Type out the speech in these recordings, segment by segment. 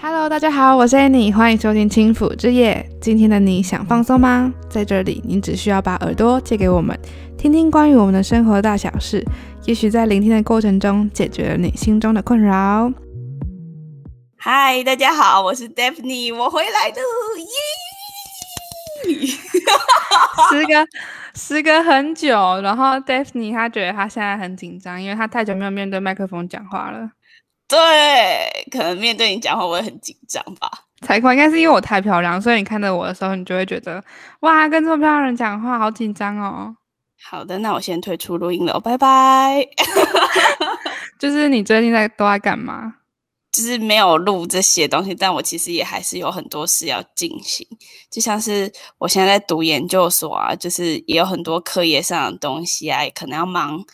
Hello，大家好，我是 Annie，歡迎收聽《輕撫之夜》。今天的你想放鬆嗎？在這裡，你只需要把耳朵借給我們，聽聽關於我們的生活大小事。也許在聆聽的過程中，解決了你心中的困擾。Hi，大家好，我是 Daphne，我回來囉！耶。時隔時隔很久，然後 Daphne 他覺得他現在很緊張，因為他太久沒有面對麥克風講話了。對，可能面對你講話會很緊張吧？才怪，應該是因為我太漂亮，所以你看到我的時候，你就會覺得哇，跟這麼漂亮的人講話好緊張哦。好的，那我先退出錄音了，拜拜。 就是你最近在都在幹嘛？就是沒有錄這些東西，但我其實也還是有很多事要進行，就像是我現在在讀研究所啊，就是也有很多課業上的東西啊，也可能要忙。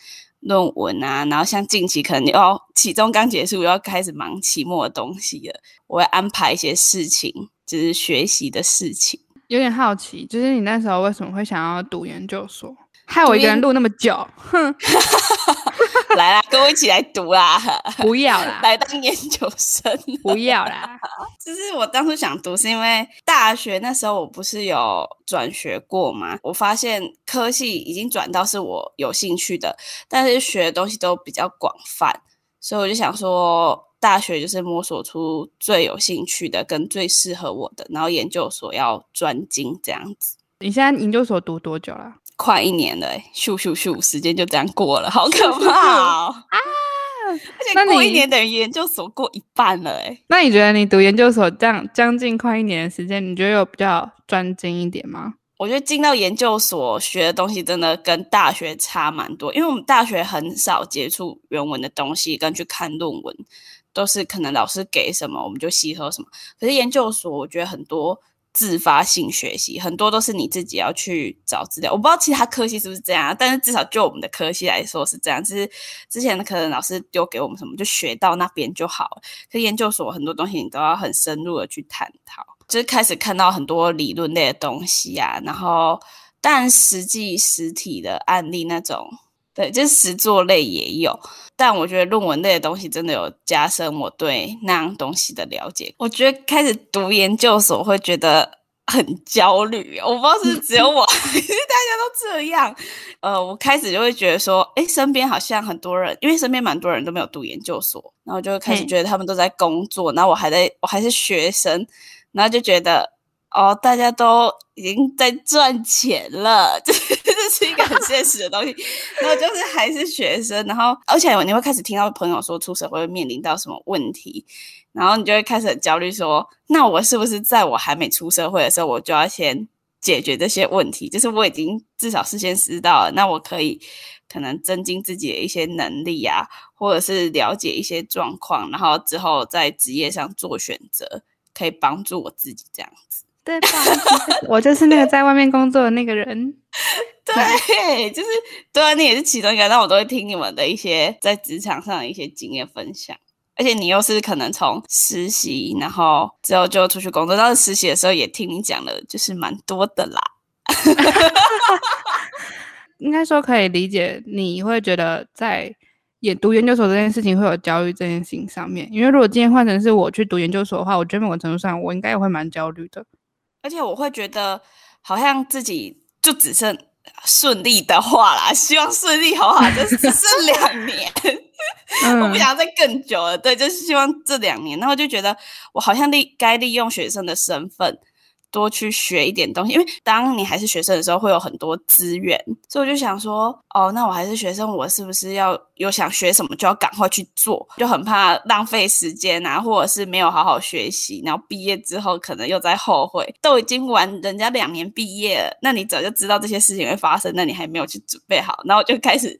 論文啊，然後像近期可能要，哦、期中剛結束，又要開始忙期末的東西了。我會安排一些事情，就是學習的事情。有點好奇，就是你那時候為什麼會想要讀研究所？害我一個人錄那麼久，哼。 來啦，跟我一起來讀啦！不要啦， 來當研究生。不要啦， 就是我當初想讀，是因為大學那時候我不是有轉學過嘛？我發現科系已經轉到是我有興趣的，但是學的東西都比較廣泛，所以我就想說，大學就是摸索出最有興趣的跟最適合我的，然後研究所要專精這樣子。你現在研究所讀多久了？快一年了、欸，咻咻咻，時間就這樣過了，好可怕啊、喔！ 而且過一年等於研究所過一半了、欸那，那你覺得你讀研究所這樣將近快一年的時間，你覺得有比較專精一點嗎？我覺得進到研究所學的東西真的跟大學差蠻多，因為我們大學很少接觸原文的東西，跟去看論文，都是可能老師給什麼我們就吸收什麼。可是研究所，我覺得很多。自發性學習，很多都是你自己要去找資料，我不知道其他科系是不是這樣，但是至少就我們的科系來說是這樣。就是之前的可能老師丟給我們什麼，就學到那邊就好了。可是研究所很多東西你都要很深入的去探討，就是開始看到很多理論類的東西啊，然後但實際實體的案例那種。對，就是實作類也有，但我覺得論文類的東西真的有加深我對那樣東西的了解。我覺得開始讀研究所會覺得很焦慮，我不知道是，是只有我，因 為 大家都這樣。呃，我開始就會覺得說，哎，身邊好像很多人，因為身邊蠻多人都沒有讀研究所，然後就會開始覺得他們都在工作，嗯、然後我還在我還是學生，然後就覺得哦，大家都已經在賺錢了，這這是。現實的東西，然後就是還是學生，然後而且你會開始聽到朋友說出社會會面臨到什麼問題，然後你就會開始很焦慮說，說那我是不是在我還沒出社會的時候，我就要先解決這些問題？就是我已經至少事先知道了，那我可以可能增進自己的一些能力啊，或者是了解一些狀況，然後之後在職業上做選擇，可以幫助我自己這樣子。對，吧， 我就是那個在外面工作的那個人。對，就是對，啊，你也是其中一個。那我都會聽你們的一些在職場上的一些經驗分享。而且你又是可能從實習，然後之後就出去工作。到實習的時候也聽你講了，就是蠻多的啦。 應該說可以理解，你會覺得在也讀研究所這件事情會有焦慮這件事情上面。因為如果今天換成是我去讀研究所的話，我覺得某種程度上我應該也會蠻焦慮的。而且我會覺得，好像自己就只剩順利的話啦，希望順利的話，就剩兩年， 我不想要再更久了。對，就希望這兩年。然後就覺得，我好像利該利用學生的身份。多去學一點東西，因為當你還是學生的時候，會有很多資源，所以我就想說，哦，那我還是學生，我是不是要有想學什麼就要趕快去做，就很怕浪費時間啊，或者是沒有好好學習，然後畢業之後可能又在後悔，都已經晚人家兩年畢業了，那你早就知道這些事情會發生，那你還沒有去準備好，然後就開始。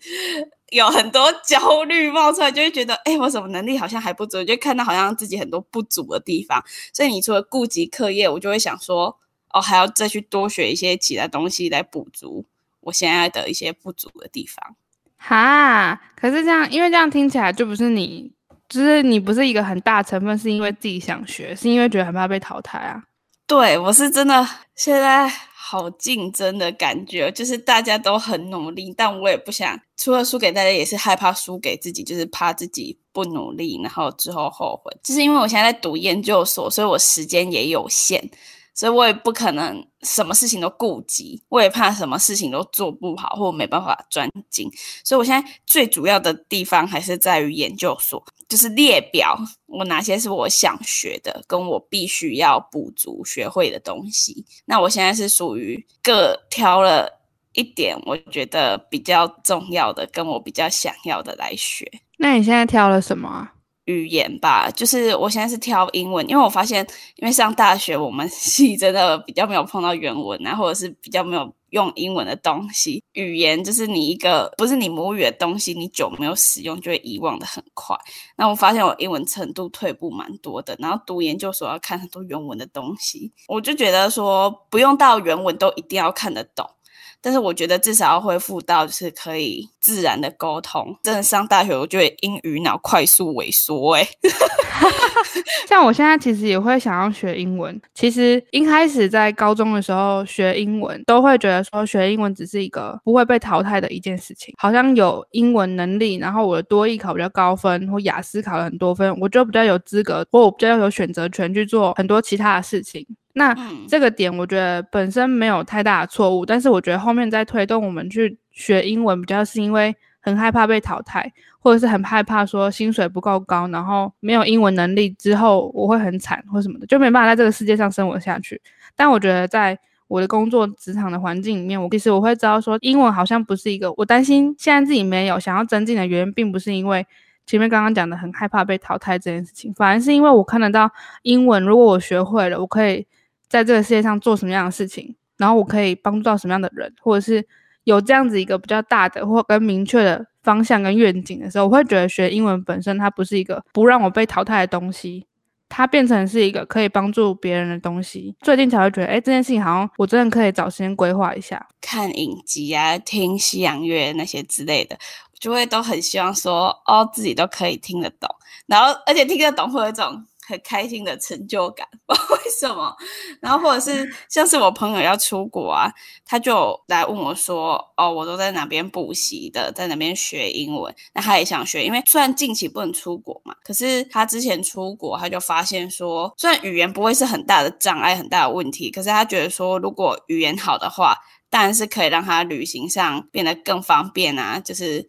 有很多焦慮冒出來，就會覺得，哎、欸，我什麼能力好像還不足，就看到好像自己很多不足的地方。所以，你除了顧及課業，我就會想說，哦，還要再去多學一些其他東西來補足我現在的一些不足的地方。哈，可是這樣，因為這樣聽起來就不是你，就是你不是一個很大成分，是因為自己想學，是因為覺得很怕被淘汰啊。對，我是真的，現在好競爭的感覺，就是大家都很努力，但我也不想除了輸給大家，也是害怕輸給自己，就是怕自己不努力，然後之後後悔。就是因為我現在在讀研究所，所以我時間也有限，所以我也不可能什麼事情都顧及，我也怕什麼事情都做不好或沒辦法專精，所以我現在最主要的地方還是在於研究所。就是列表，我哪些是我想學的，跟我必須要補足學會的東西。那我現在是屬於各挑了一點，我覺得比較重要的，跟我比較想要的來學。那你現在挑了什麼啊？語言吧，就是我現在是挑英文，因為我發現，因為上大學我們系真的比較沒有碰到原文，然後、啊、或者是比較沒有用英文的東西。語言就是你一個不是你母語的東西，你久沒有使用就會遺忘的很快。那我發現我英文程度退步蠻多的，然後讀研究所要看很多原文的東西，我就覺得說不用到原文都一定要看得懂。但是我覺得至少要恢復到就是可以自然的溝通。真的上大學，我覺得英語腦快速萎縮哎、欸。 像我現在其實也會想要學英文。其實一開始在高中的時候學英文，都會覺得說學英文只是一個不會被淘汰的一件事情。好像有英文能力，然後我的多益考比較高分，或雅思考了很多分，我就比較有資格，或我比較有選擇權去做很多其他的事情。那、嗯、這個點我覺得本身沒有太大的錯誤，但是我覺得後面在推動我們去學英文，比較是因為很害怕被淘汰，或者是很害怕說薪水不夠高，然後沒有英文能力之後我會很慘或什麼的，就沒辦法在這個世界上生活下去。但我覺得在我的工作職場的環境裡面，我其實我會知道說英文好像不是一個我擔心現在自己沒有想要增進的原因，並不是因為前面剛剛講的很害怕被淘汰這件事情，反而是因為我看得到英文，如果我學會了，我可以在這個世界上做什麼樣的事情。然後我可以幫助到什麼樣的人，或者是有這樣子一個比較大的或更明確的方向跟願景的時候，我會覺得學英文本身它不是一個不讓我被淘汰的東西，它變成是一個可以幫助別人的東西。最近才會覺得，哎，這件事情好像我真的可以找時間規劃一下，看影集啊，聽西洋樂那些之類的，就會都很希望說，哦，自己都可以聽得懂，然後而且聽得懂會有一種。很開心的成就感，為什麼？然後或者是像是我朋友要出國啊，他就來問我說：“哦，我都在哪邊補習的，在哪邊學英文？那他也想學，因為雖然近期不能出國嘛，可是他之前出國，他就發現說，雖然語言不會是很大的障礙、很大的問題，可是他覺得說，如果語言好的話，當然是可以讓他旅行上變得更方便啊，就是。”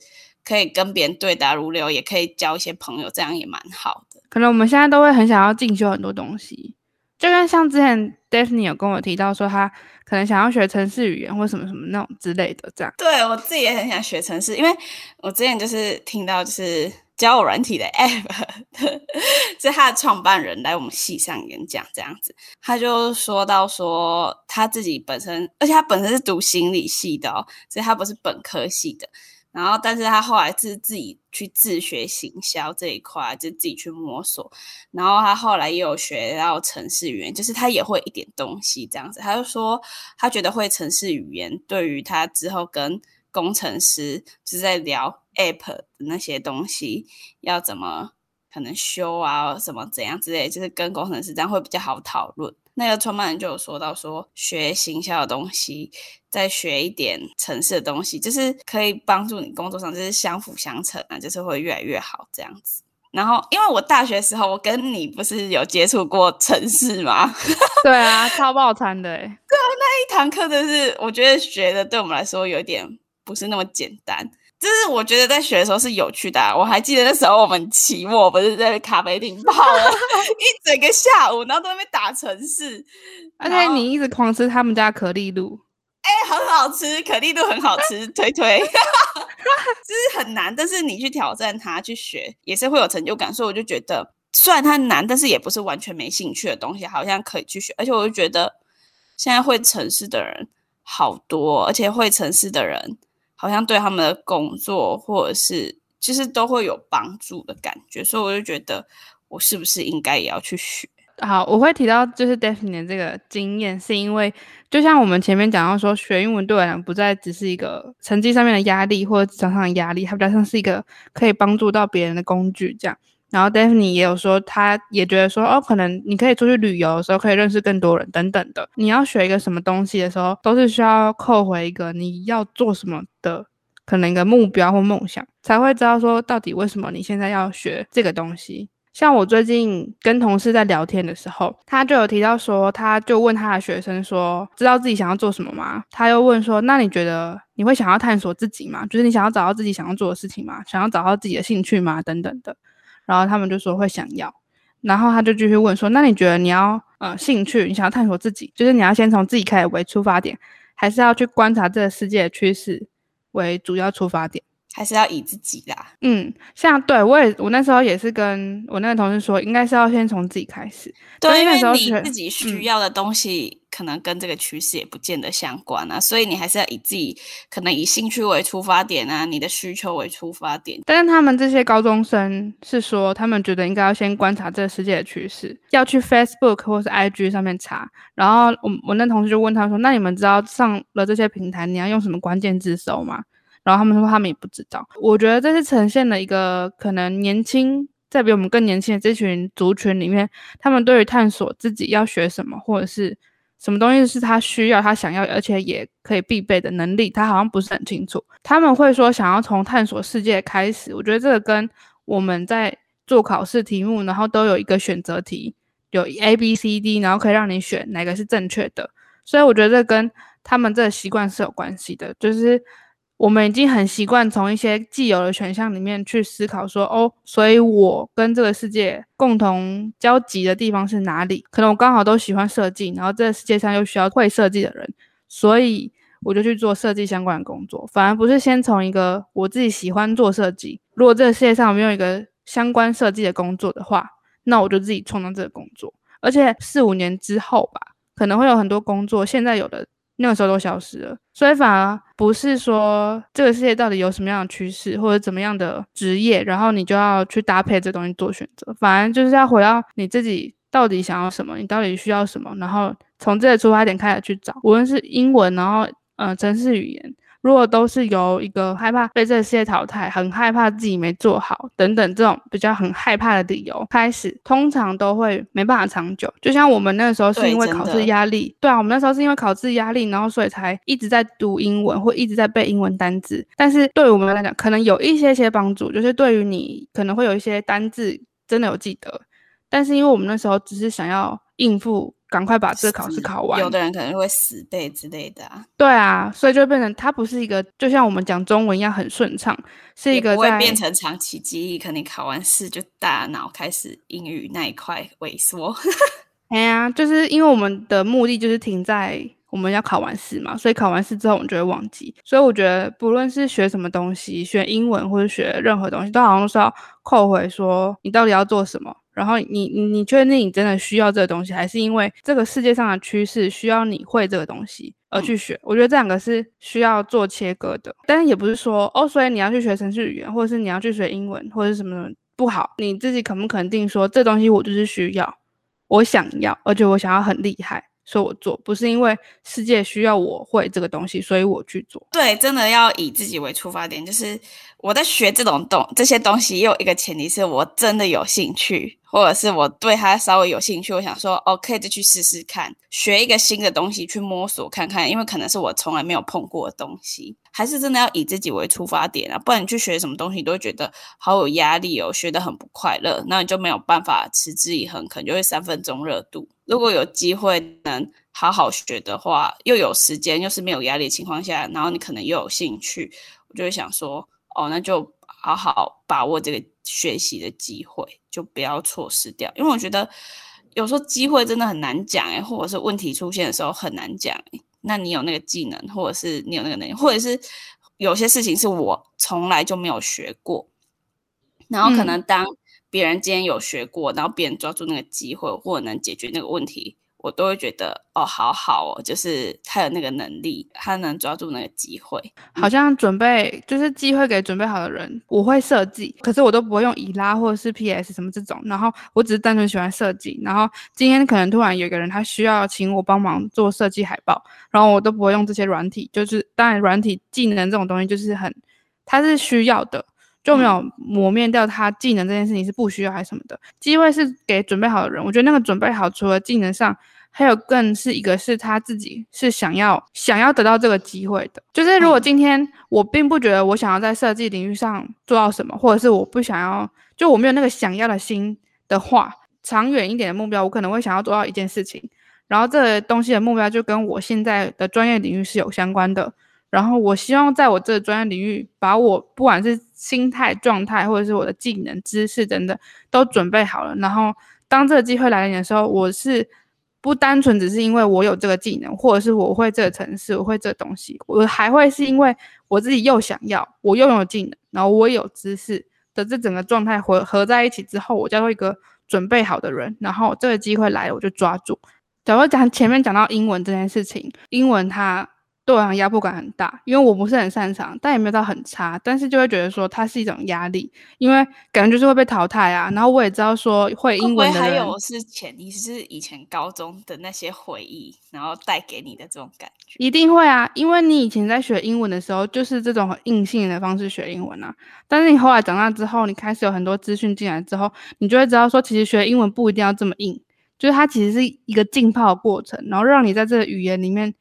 可以跟別人對答如流，也可以交一些朋友，這樣也蠻好的。可能我們現在都會很想要進修很多東西，就跟像之前 Daphne 有跟我提到說，他可能想要學程式語言或什麼什麼那種之類的這樣。對我自己也很想學程式，因為我之前就是聽到就是交友軟體的 APP，對是他的創辦人來我們系上演講這樣子，他就說到說他自己本身，而且他本身是讀心理系的哦，所以他不是本科系的。然後，但是他後來自自己去自學行銷這一塊，就自己去摸索。然後他後來也有學到程式語言，就是他也會一點東西這樣子。他就說，他覺得會程式語言，對於他之後跟工程師，就是在聊 App 的那些東西，要怎麼可能修啊，什麼怎樣之類，就是跟工程師這樣會比較好討論。那個創辦人就有說到說，說學行銷的東西，再學一點程式的東西，就是可以幫助你工作上，就是相輔相成啊，就是會越來越好這樣子。然後，因為我大學的時候，我跟你不是有接觸過程式嗎？ 對啊，超爆餐的、欸，對、啊，那一堂課就是我覺得學的，對我們來說有點不是那麼簡單。就是我覺得在學的時候是有趣的、啊，我還記得那時候我們期末不是在咖啡廳泡了 一整個下午，然後都在那邊打程式，而且你一直狂吃他們家可麗露，哎、欸，很好吃，可麗露很好吃， 推推， 就是很難，但是你去挑戰它，去學也是會有成就感，所以我就覺得雖然它難，但是也不是完全沒興趣的東西，好像可以去學，而且我就覺得現在會程式的人好多，而且會程式的人。好像對他們的工作或者是其實、就是、都會有幫助的感覺，所以我就覺得我是不是應該也要去學。好，我會提到就是 d e s t i n 的這個經驗，是因為就像我們前面講到說，學英文對我來講不再只是一個成績上面的壓力或者職場上的壓力，它比較像是一個可以幫助到別人的工具這樣。然後 Daphne 也有說，他也覺得說，哦，可能你可以出去旅遊的時候，可以認識更多人，等等的。你要學一個什麼東西的時候，都是需要扣回一個你要做什麼的，可能一個目標或夢想，才會知道說，到底為什麼你現在要學這個東西。像我最近跟同事在聊天的時候，他就有提到說，他就問他的學生說，知道自己想要做什麼嗎？他又問說，那你覺得你會想要探索自己嗎？就是你想要找到自己想要做的事情嗎？想要找到自己的興趣嗎？等等的。然後他們就說會想要，然後他就繼續問說：“那你覺得你要呃興趣，你想要探索自己，就是你要先從自己開始為出發點，還是要去觀察這個世界的趨勢為主要出發點？還是要以自己啦？”嗯，像對我也我那時候也是跟我那個同事說，應該是要先從自己開始，對，那時候因為你自己需要的東西，嗯。可能跟這個趨勢也不見得相關啊，所以你還是要以自己可能以興趣為出發點啊，你的需求為出發點。但是他們這些高中生是說，他們覺得應該要先觀察這個世界的趨勢，要去 Facebook 或者是 IG 上面查。然後我我那同事就問他說：“那你們知道上了這些平台，你要用什麼關鍵字搜嗎？”然後他們說他們也不知道。我覺得這是呈現了一個可能年輕在比我們更年輕的這群族群裡面，他們對於探索自己要學什麼，或者是。什麼東西是他需要、他想要，而且也可以必備的能力？他好像不是很清楚。他們會說想要從探索世界開始，我覺得這個跟我們在做考試題目，然後都有一個選擇題，有 A、B、C、D，然後可以讓你選哪個是正確的。所以我覺得這跟他們這個習慣是有關係的，就是。我們已經很習慣從一些既有的選項裡面去思考說，說哦，所以我跟這個世界共同交集的地方是哪裡？可能我剛好都喜歡設計，然後這個世界上又需要會設計的人，所以我就去做設計相關的工作。反而不是先從一個我自己喜歡做設計，如果這個世界上沒有一個相關設計的工作的話，那我就自己創造這個工作。而且四五年之後吧，可能會有很多工作現在有的。那個時候都消失了，所以反而不是說這個世界到底有什麼樣的趨勢或者怎麼樣的職業，然後你就要去搭配這東西做選擇，反而就是要回到你自己到底想要什麼，你到底需要什麼，然後從這個出發點開始去找。無論是英文，然後嗯，呃，程式語言。如果都是由一個害怕被這些淘汰，很害怕自己沒做好等等這種比較很害怕的理由開始，通常都會沒辦法長久。就像我們那時候是因為考試壓力，對，對啊，我們那時候是因為考試壓力，然後所以才一直在讀英文或一直在背英文單字。但是對於我們來講，可能有一些些幫助，就是對於你可能會有一些單字真的有記得，但是因為我們那時候只是想要應付。趕快把這個考試考完。有的人可能會死背之類的啊。對啊，所以就變成它不是一個，就像我們講中文一樣很順暢，是一個會變成長期記憶。可能考完試就大腦開始英語那一塊萎縮。哎 呀、啊，就是因為我們的目的就是停在我們要考完試嘛，所以考完試之後我們就會忘記。所以我覺得不論是學什麼東西，學英文或者學任何東西，都好像是要扣回說你到底要做什麼。然後你你你確定你真的需要這個東西，還是因為這個世界上的趨勢需要你會這個東西而去學？嗯。我覺得這兩個是需要做切割的。但是也不是說哦，所以你要去學程式語言，或者是你要去學英文，或者是什麼什麼不好。你自己肯不肯定說，這東西我就是需要，我想要，而且我想要很厲害，所以我做，不是因為世界需要我會這個東西，所以我去做。對，真的要以自己為出發點，就是我在學這種東這些東西，也有一個前提是我真的有興趣。或者是我對它稍微有興趣，我想說，OK，就去試試看，學一個新的東西去摸索看看，因為可能是我從來沒有碰過的東西，還是真的要以自己為出發點啊，不然你去學什麼東西你都會覺得好有壓力哦，學得很不快樂，那你就沒有辦法持之以恆，可能就會三分鐘熱度。如果有機會能好好學的話，又有時間，又是沒有壓力的情況下，然後你可能又有興趣，我就會想說，哦，那就好好把握這個學習的機會。就不要錯失掉，因為我覺得有時候機會真的很難講誒、欸，或者是問題出現的時候很難講、欸，那你有那個技能，或者是你有那個能力，或者是有些事情是我從來就沒有學過，然後可能當別人今天有學過，嗯。然後別人抓住那個機會，或者能解決那個問題。我都會覺得哦，好好哦，就是他有那個能力，他能抓住那個機會。好像準備就是機會給準備好的人。我會設計，可是我都不會用伊拉或者是 PS 什麼這種。然後我只是單純喜歡設計。然後今天可能突然有一個人他需要請我幫忙做設計海報，然後我都不會用這些軟體。就是當然軟體技能這種東西就是很，它是需要的，就沒有磨滅掉它技能這件事情是不需要還是什麼的。機會是給準備好的人。我覺得那個準備好除了技能上。還有更是一個是他自己是想要想要得到這個機會的，就是如果今天我並不覺得我想要在設計領域上做到什麼，或者是我不想要，就我沒有那個想要的心的話，長遠一點的目標，我可能會想要做到一件事情，然後這個東西的目標就跟我現在的專業領域是有相關的，然後我希望在我這個專業領域，把我不管是心態狀態，或者是我的技能、知識等等都準備好了，然後當這個機會來臨的時候，我是。不單純只是因為我有這個技能，或者是我會這個程式，我會這個東西，我還會是因為我自己又想要，我又有技能，然後我有知識的這整個狀態會合在一起之後，我叫做一個準備好的人，然後這個機會來了，我就抓住。假如講前面講到英文這件事情，英文它。對我壓迫感很大，因為我不是很擅長，但也沒有到很差，但是就會覺得說它是一種壓力，因為感覺就是會被淘汰啊。然後我也知道說會英文，因為還有是潛意識，以前高中的那些回憶，然後帶給你的這種感覺。一定會啊，因為你以前在學英文的時候，就是這種很硬性的方式學英文啊。但是你後來長大之後，你開始有很多資訊進來之後，你就會知道說，其實學英文不一定要這麼硬，就是它其實是一個浸泡的過程，然後讓你在這個語言裡面。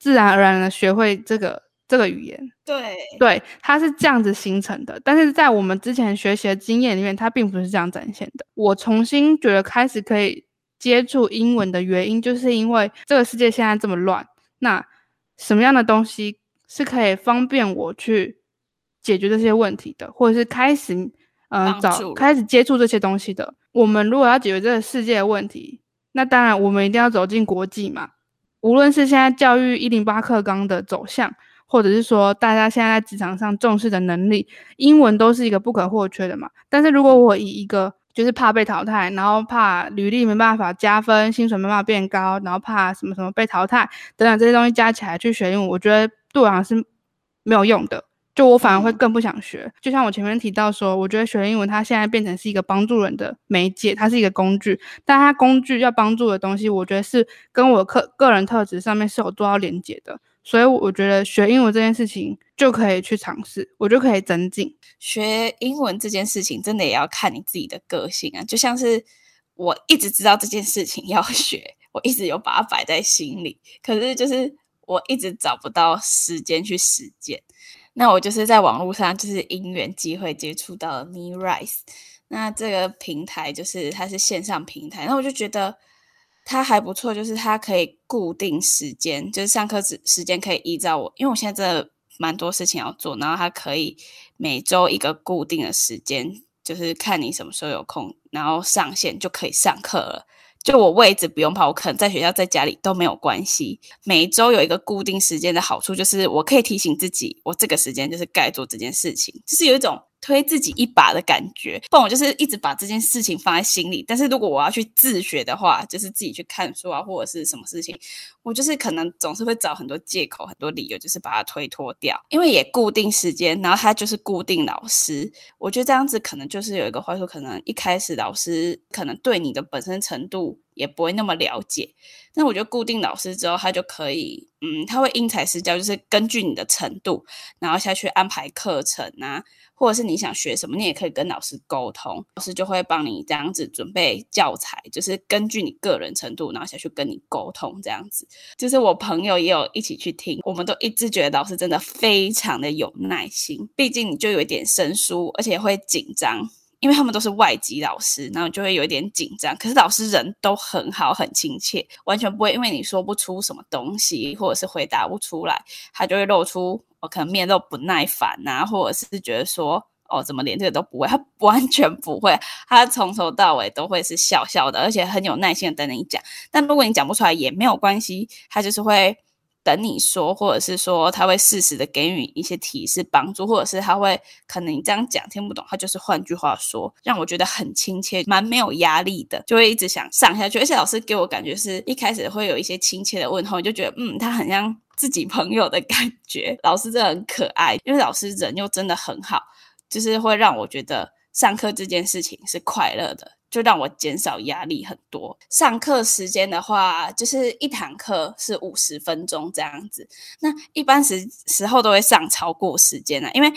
自然而然的學會這個這個語言，對對，它是這樣子形成的。但是在我們之前學習的經驗裡面，它並不是這樣展現的。我重新覺得開始可以接觸英文的原因，就是因為這個世界現在這麼亂，那什麼樣的東西是可以方便我去解決這些問題的，或者是開始嗯、呃、找開始接觸這些東西的。我們如果要解決這個世界的問題，那當然我們一定要走進國際嘛。無論是現在教育一零八課綱的走向，或者是說大家現在在職場上重視的能力，英文都是一個不可或缺的嘛。但是如果我以一個就是怕被淘汰，然後怕履歷沒辦法加分，薪水沒辦法變高，然後怕什麼什麼被淘汰等等這些東西加起來去學英語，我覺得對我來說是沒有用的。就我反而會更不想學，就像我前面提到說，我覺得學英文它現在變成是一個幫助人的媒介，它是一個工具，但它工具要幫助的東西，我覺得是跟我個個人特質上面是有做到連接的，所以我覺得學英文這件事情就可以去嘗試，我就可以增進。學英文這件事情真的也要看你自己的個性啊，就像是我一直知道這件事情要學，我一直有把它擺在心裡，可是就是我一直找不到時間去實踐。那我就是在網絡上，就是因緣機會接觸到了 MeRISE 那這個平台就是它是線上平台，那我就覺得它還不錯，就是它可以固定時間，就是上課時時間可以依照我，因為我現在真的蠻多事情要做，然後它可以每周一個固定的時間，就是看你什麼時候有空，然後上線就可以上課了。就我位置，不用跑，我可能在學校、在家裡都沒有關係。每一周有一個固定時間的好處，就是我可以提醒自己，我這個時間就是該做這件事情，就是有一種。推自己一把的感覺，不然我就是一直把這件事情放在心裡。但是如果我要去自學的話，就是自己去看書啊，或者是什麼事情，我就是可能總是會找很多借口、很多理由，就是把它推脫掉。因為也固定時間，然後他就是固定老師，我覺得這樣子可能就是有一個壞處，可能一開始老師可能對你的本身程度。也不會那麼了解，那我覺得固定老師之後，他就可以，嗯，他會因材施教，就是根據你的程度，然後下去安排課程啊，或者是你想學什麼，你也可以跟老師溝通，老師就會幫你這樣子準備教材，就是根據你個人程度，然後下去跟你溝通這樣子。就是我朋友也有一起去聽，我們都一直覺得老師真的非常的有耐心，畢竟你就有一點生疏，而且會緊張。因為他們都是外籍老師，然後就會有一點緊張。可是老師人都很好，很親切，完全不會因為你說不出什麼東西，或者是回答不出來，他就會露出，哦，可能面露不耐煩啊，或者是覺得說哦，怎麼連這個都不會？他完全不會，他從頭到尾都會是笑笑的，而且很有耐心的等你講。但如果你講不出來也沒有關係，他就是會。等你說，或者是說他會適時的給予一些提示幫助，或者是他會可能你這樣講聽不懂，他就是換句話說，讓我覺得很親切，蠻沒有壓力的，就會一直想上下去。而且老師給我感覺是一開始會有一些親切的問候，就覺得嗯，他很像自己朋友的感覺。老師真的很可愛，因為老師人又真的很好，就是會讓我覺得上課這件事情是快樂的。就讓我減少壓力很多。上課時間的話，就是一堂課是五十分鐘這樣子。那一般時時候都會上超過時間了，啊，因為。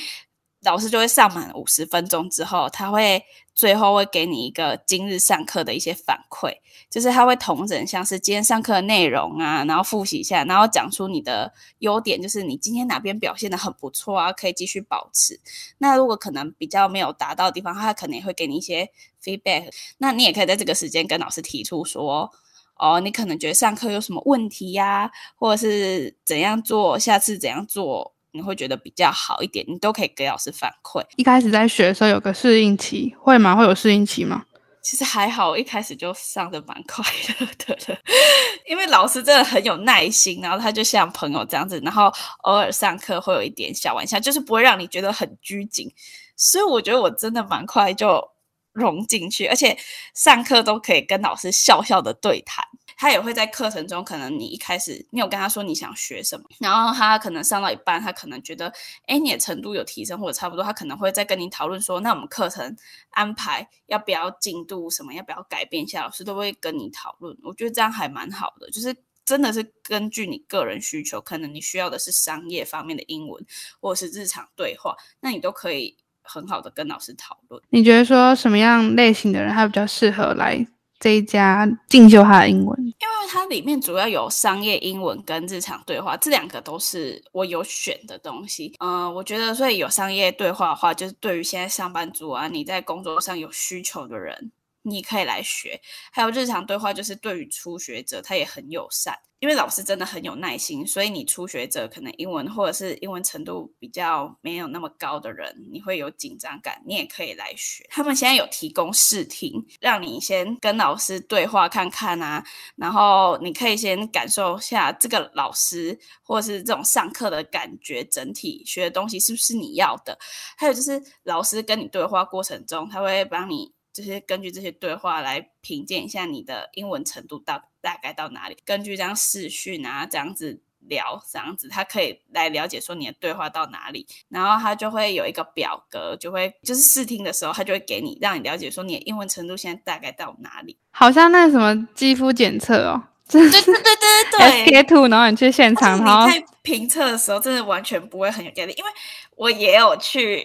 老師就會上滿五十分鐘之後，他會最後會給你一個今日上課的一些反饋，就是他會統整像是今天上課的內容啊，然後複習一下，然後講出你的優點，就是你今天哪邊表現得很不錯啊，可以繼續保持。那如果可能比較沒有達到的地方，他可能也會給你一些 feedback。那你也可以在這個時間跟老師提出說，哦，你可能覺得上課有什麼問題呀、啊，或者是怎樣做，下次怎樣做。你會覺得比較好一點，你都可以給老師反饋。一開始在學的時候有個適應期，會嗎？會有適應期嗎？其實還好，我一開始就上的蠻快樂的，因為老師真的很有耐心，然後他就像朋友這樣子，然後偶爾上課會有一點小玩笑，就是不會讓你覺得很拘謹，所以我覺得我真的蠻快就融進去，而且上課都可以跟老師笑笑的對談。他也會在課程中，可能你一開始你有跟他說你想學什麼，然後他可能上到一半，他可能覺得，哎，你的程度有提升或者差不多，他可能會再跟你討論說，那我們課程安排要不要進度什麼要不要改變一下，老師都會跟你討論。我覺得這樣還蠻好的，就是真的是根據你個人需求，可能你需要的是商業方面的英文，或者是日常對話，那你都可以很好的跟老師討論。你覺得說什麼樣類型的人他比較適合來？這一家進修他的英文，因為它裡面主要有商業英文跟日常對話，這兩個都是我有選的東西。嗯、呃，我覺得所以有商業對話的話，就是對於現在上班族啊，你在工作上有需求的人。你可以來學，還有日常對話，就是對於初學者他也很友善，因為老師真的很有耐心，所以你初學者可能英文或者是英文程度比較沒有那麼高的人，你會有緊張感，你也可以來學。他們現在有提供試聽，讓你先跟老師對話看看啊，然後你可以先感受一下這個老師或者是這種上課的感覺，整體學的東西是不是你要的？還有就是老師跟你對話過程中，他會幫你。就是根據這些對話來評鑑一下你的英文程度到大概到哪裡，根據這樣視訊啊這樣子聊，這樣子他可以來了解說你的對話到哪裡，然後他就會有一個表格，就會就是試聽的時候他就會給你讓你了解說你的英文程度現在大概到哪裡，好像那什麼肌膚檢測哦，對對對對對對，給 圖然後你去現場，然後在評測的時候 真的完全不會很有壓力，因為我也有去，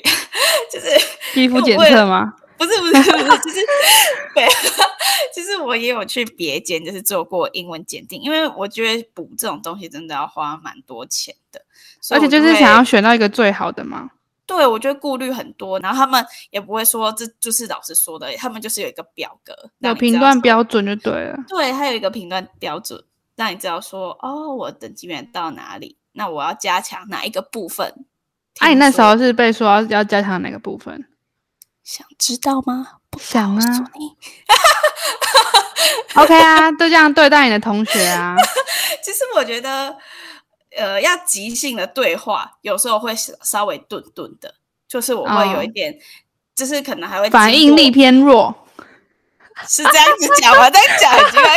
就是肌膚檢測嗎？ 不是不是不是， 其實對，其實我也有去別間，就是做過英文檢定，因為我覺得補這種東西真的要花蠻多錢的，而且就是想要選到一個最好的嘛。對，我覺得顧慮很多，然後他們也不會說，這就是老師說的，他們就是有一個表格，有評斷標準就對了。對，它有一個評斷標準，讓你知道說，哦，我等級源到哪裡，那我要加強哪一個部分。哎、啊，你那時候是被說要加強哪個部分？想知道嗎？不想啊。 OK 啊， 都這樣對待你的同學啊。 其實我覺得，呃，要即興的對話，有時候會稍微頓頓的，就是我會有一點，哦、就是可能還會，反應力偏弱。 是這樣子講，我在講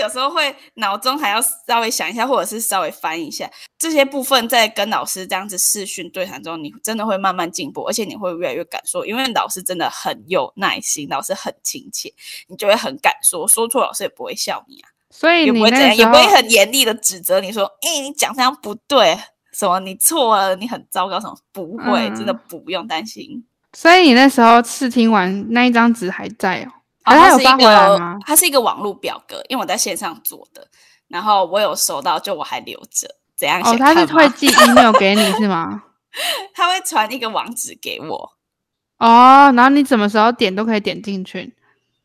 有時候會腦中還要稍微想一下，或者是稍微翻一下這些部分，在跟老師這樣子視訊對談中，你真的會慢慢進步，而且你會越來越敢說，因為老師真的很有耐心，老師很親切，你就會很敢說，說錯老師也不會笑你啊，所以你不會、那個、也不會很嚴厲的指責你說，哎、欸，你講這樣不對，什麼你錯了，你很糟糕什麼，不會，嗯、真的不用擔心。所以你那時候試聽完那一張紙還在哦。它是一個，他、哦、是一個網絡表格，因為我在線上做的，然後我有收到，就我還留着，怎樣？哦，他是會寄 email 給你是嗎？他 會傳一個網址給我。哦，然後你什麼時候點都可以點進去。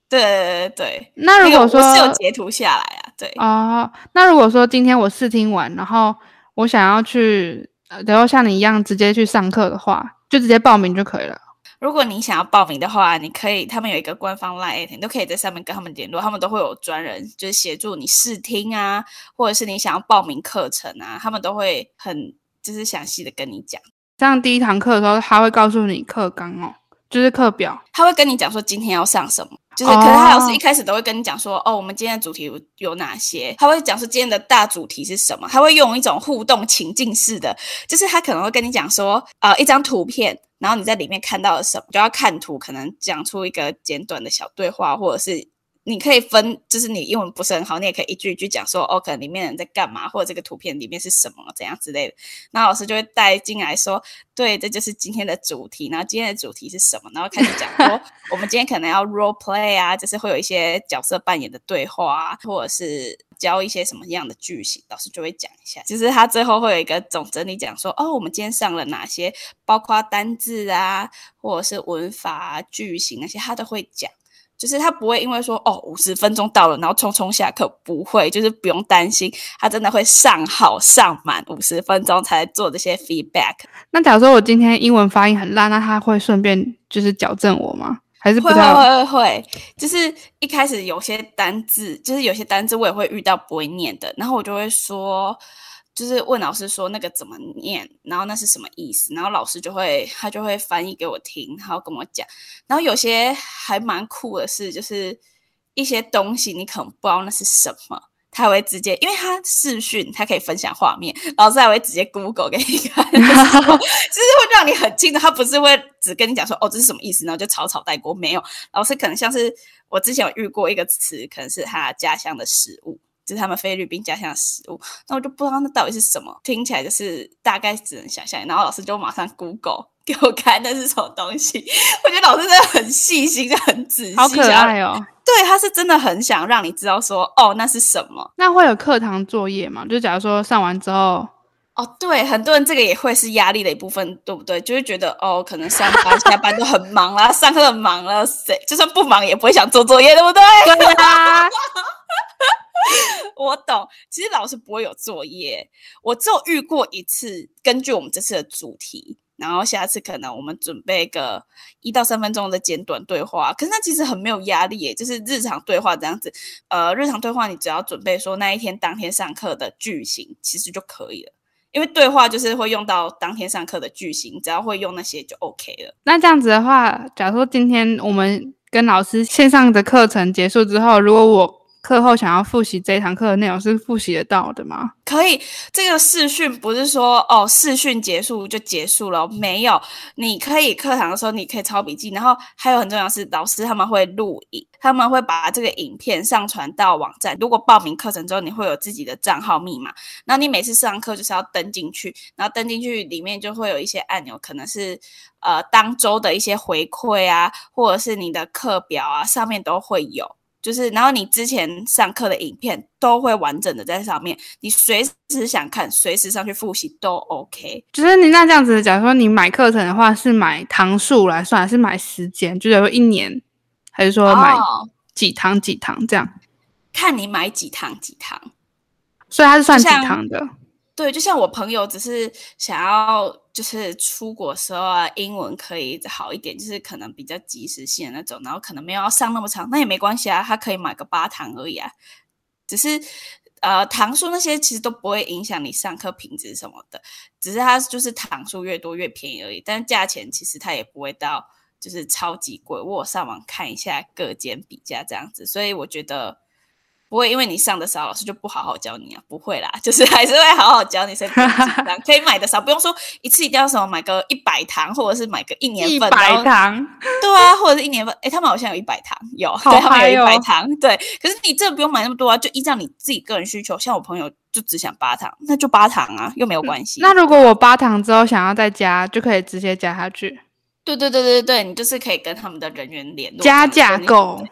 對對對，對。那如果說、那個、是有截圖下來啊？對。哦，那如果說今天我試聽完，然後我想要去，然後像你一樣直接去上課的話，就直接報名就可以了。如果你想要報名的話，你可以，他們有一個官方 LINE，你都可以在上面跟他們聯絡，他們都會有專人就是協助你試聽啊，或者是你想要報名課程啊，他們都會很就是詳細的跟你講。上第一堂課的時候，他會告訴你課綱哦。就是課表，他會跟你講說今天要上什麼。就是，oh. 可能他老師一開始都會跟你講說，哦，我們今天的主題有有哪些？他會講說今天的大主題是什麼？他會用一種互動情境式的，就是他可能會跟你講說，呃，一張圖片，然後你在裡面看到了什麼，就要看圖，可能講出一個簡短的小對話，或者是。你可以分，就是你英文不是很好，你也可以一句一句講說，哦，可能裡面人在幹嘛，或者這個圖片裡面是什麼，怎樣之類的。那老師就會帶進來說，對，這就是今天的主題。然後今天的主題是什麼？然後開始講說， 我們今天可能要 role play 啊，就是會有一些角色扮演的對話，啊，或者是教一些什麼樣的句型，老師就會講一下。其實他最後會有一個總整理，講說，哦，我們今天上了哪些，包括單字啊，或者是文法句型那些，他都會講。就是他不會因為說，哦，五十分鐘到了，然後匆匆下課，不會，就是不用擔心，他真的會上好上滿五十分鐘才做這些 feedback。那假如說我今天英文發音很爛，那他會順便就是矯正我嗎？還是不太會，會，會，會，就是一開始有些單字，就是有些單字我也會遇到不會念的，然後我就會說。就是問老師說那個怎麼念，然後那是什麼意思，然後老師就會，他就會翻譯給我聽，然後跟我講。然後有些還蠻酷的是，就是一些東西你可能不知道那是什麼，他會直接，因為他視訊，他可以分享畫面，老師還會直接 Google 給你看， 就是會讓你很清楚。他不是會只跟你講說，哦，這是什麼意思，然後就草草帶過，沒有。老師可能像是我之前有遇過一個詞，可能是他家鄉的食物，就是他們菲律賓家鄉的食物，那我就不知道那到底是什麼，聽起來就是大概只能想象然後老師就馬上 Google 給我看那是什麼東西，我覺得老師真的很細心，很仔細。好可愛哦！對，他是真的很想讓你知道說，哦，那是什麼？那會有課堂作業嗎？就假如說上完之後，哦，對，很多人這個也會是壓力的一部分，對不對？就是覺得哦，可能上班下班都很忙了， 上課很忙了，誰就算不忙也不會想做作業，對不對？對啊。 我懂，其實老師不會有作業、欸，我只有遇過一次。根據我們這次的主題，然後下次可能我們準備個一到三分鐘的簡短對話。可是那其實很沒有壓力、欸，就是日常對話這樣子。呃，日常對話你只要準備說那一天當天上課的句型，其實就可以了。因為對話就是會用到當天上課的句型，只要會用那些就 OK 了。那這樣子的話，假如說今天我們跟老師線上的課程結束之後，如果我課後想要複習這一堂課的內容是複習得到的嗎？可以，這個視訊不是說哦，視訊結束就結束了，沒有。你可以課堂的時候，你可以抄筆記，然後還有很重要的是老師他們會錄影，他們會把這個影片上傳到網站。如果報名課程之後，你會有自己的賬號密碼，那你每次上課就是要登進去，然後登進去裡面就會有一些按鈕，可能是呃當周的一些回饋啊，或者是你的課表啊，上面都會有。就是，然後你之前上課的影片都會完整的在上面，你隨時想看，隨時上去複習都 OK。就是你那這樣子，假如說你買課程的話，是買堂數來算，還是買時間？就是說一年，還是說買幾堂幾堂這樣？Oh, 看你買幾堂幾堂。所以它是算幾堂的？對，就像我朋友只是想要。就是出國時候啊，英文可以好一點，就是可能比較即時性那種，然後可能沒有要上那麼長，那也沒關係啊，他可以買個八堂而已啊，只是呃，堂數那些其實都不會影響你上課品質什麼的，只是他就是堂數越多越便宜而已，但是價錢其實他也不會到就是超級貴，我有上網看一下各間比價這樣子，所以我覺得。不會，因為你上的少，老師就不好好教你啊？不會啦，就是還是會好好教你。所 以可以買的少，不用說一次一定要什麼買個一百堂，或者是買個一年份一百堂， 對啊，或者是一年份。哎、欸，他們好像有一百堂，有，好對他們有一百堂，哦。對。可是你這不用買那麼多啊，就依照你自己個人需求。像我朋友就只想八堂，那就八堂啊，又沒有關係。嗯、那如果我八堂之後想要再加，就可以直接加下去。對對對對對，你就是可以跟他們的人員聯絡，加價購。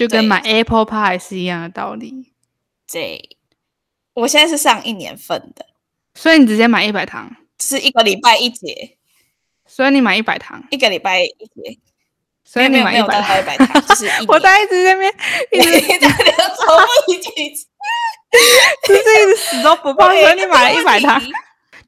就跟買 Apple Pie 是一樣的道理對。對，我現在是上一年份的，所以你直接買一百堂，就是一個禮拜一節，所以你買一百堂，一個禮拜一節，所以你買一百堂，一百堂， 我在一直這邊，一直一直都不一直。就 是一直死 都不碰。 所以你買了一百堂。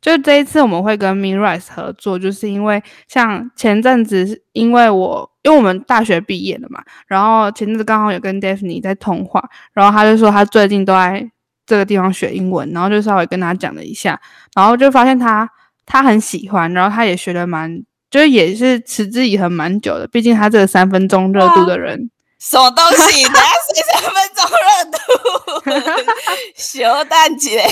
就這一次我們會跟 MeRISE 合作，就是因為像前陣子是因為我。因為我們大學畢業了嘛，然後前陣子剛好有跟 Daphne 在通話，然後他就說他最近都在這個地方學英文，然後就稍微跟他講了一下，然後就發現他他很喜歡，然後他也學得蠻，就是也是持之以恆蠻久的，畢竟他這個三分鐘熱度的人。啊什麼東西？大家睡三分鐘熱度，熊蛋姐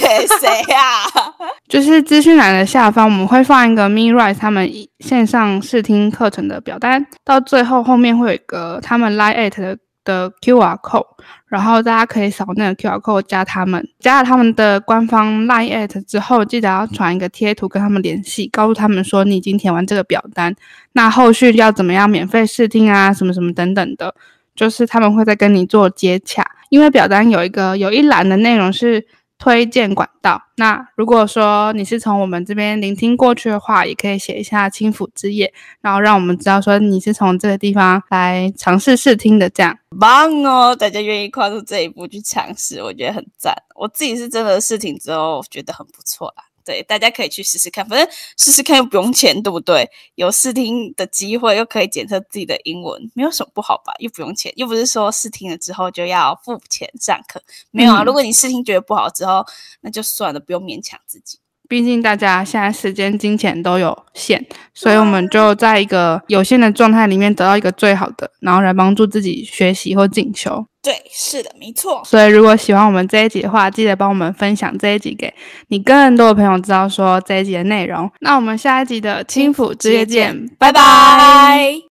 誰啊？就是資訊欄的下方，我們會放一個 MeRISE 他們線上試聽課程的表單，到最後後面會有一個他們 Line at 的的 QR code，然後大家可以掃那個 QR code 加他們，加了他們的官方 Line at 之後，記得要傳一個貼圖跟他們聯繫，告訴他們說你已經填完這個表單，那後續要怎麼樣免費試聽啊？什麼什麼等等的。就是他們會再跟你做接洽，因為表單有一個有一欄的內容是推薦管道。那如果說你是從我們這邊聆聽過去的話，也可以寫一下輕撫之夜，然後讓我們知道說你是從這個地方來嘗試試聽的。這樣，棒哦，大家願意跨出這一步去嘗試，我覺得很讚。我自己是真的試聽之後覺得很不錯啊。對，大家可以去試試看，反正試試看又不用錢，對不對？有試聽的機會，又可以檢測自己的英文，沒有什麼不好吧？又不用錢，又不是說試聽了之後就要付錢上課，沒有啊、嗯？如果你試聽覺得不好之後，那就算了，不用勉強自己。畢竟大家現在時間、金錢都有限，所以我們就在一個有限的狀態裡面得到一個最好的，然後來幫助自己學習或進修。對，是的，沒錯。所以如果喜歡我們這一集的話，記得幫我們分享這一集，給你更多的朋友知道說這一集的內容。那我們下一集的輕撫之夜見，拜拜。拜拜。